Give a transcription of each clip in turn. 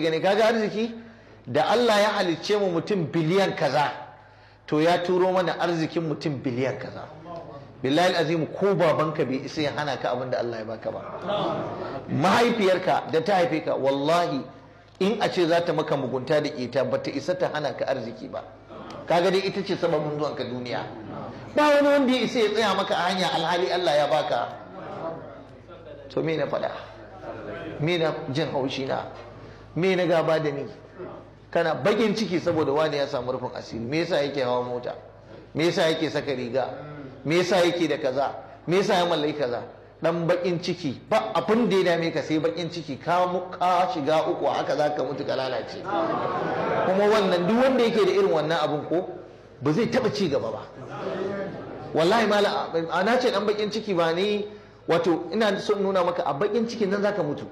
gani kaga arziki da Allah ya halicce mu mutum biliyan kaza to ya turo mana arzikin mutum biliyan kaza billahi azimu ko babanka bai isa ya hana ka abin da Allah ya baka ba mahaifiyarka da ta haife ka wallahi in a ce za ta maka mugunta da ita ba ta isa ta hana ka arziki ba kaga dai ita ce sababin zuwan ka duniya ba wani wanda ya isa ya tsaya maka a hanya alhali Allah ya baka to me na faɗa me na jin haushi na me na gaba da ni kana bakin ciki saboda wani ya samu rufin asiri me yasa yake hawa mota me yasa yake saka riga me yasa yake da kaza me yasa ya mallaki kaza dan bakin ciki ba abin da ya dame ka sai bakin ciki ka ka shiga uku haka ka mutu ka lalace kuma wannan duk wanda yake da irin wannan abun ko ba zai taba ci gaba ba wallahi mala ana ce dan bakin ciki ba ni wato ina son nuna maka a bakin ciki nan zaka mutu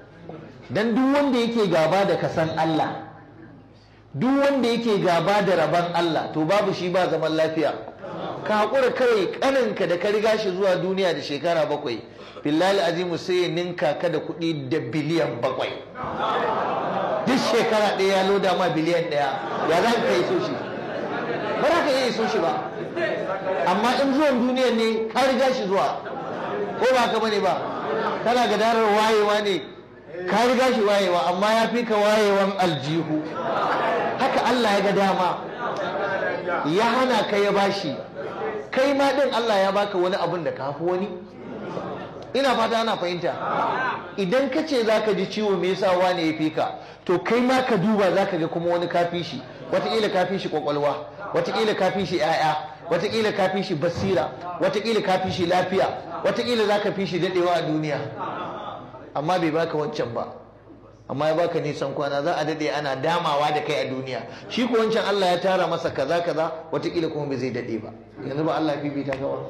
dan duk wanda yake gaba da kasan Allah duk wanda yake gaba da rabon Allah to babu shi ba zaman lafiya ka haƙura kai ƙaninka da ka riga shi zuwa duniya da shekara bakwai billahi azimu sai ya ninka ka da kuɗi da biliyan bakwai duk shekara ɗaya ya loda ma biliyan ɗaya ya za ka yi so shi ba za ka iya so shi ba amma in zuwan duniya ne ka riga shi zuwa ko ba ka bane ba kana ga darar wayewa ne ka riga shi wayewa amma ya fi ka wayewan aljihu haka Allah ya ga dama ya hana ka ya bashi kai ma din Allah ya baka wani abin da ka hafi wani ina fata ana fahimta idan ka ce za ka ji ciwo me yasa wani ya fi ka to kai ma ka duba za ka ga kuma wani kafi shi wataƙila kafi shi kwakwalwa wataƙila kafi shi 'ya'ya wataƙila kafi shi basira wataƙila kafi shi lafiya watakila za ka fi shi daɗewa a duniya amma bai baka wancan ba amma ya baka nisan kwana za a dade ana damawa da kai a duniya shi ko wancan Allah ya tara masa kaza kaza watakila kuma bai zai dade ba yanzu ba Allah bibi ta gawa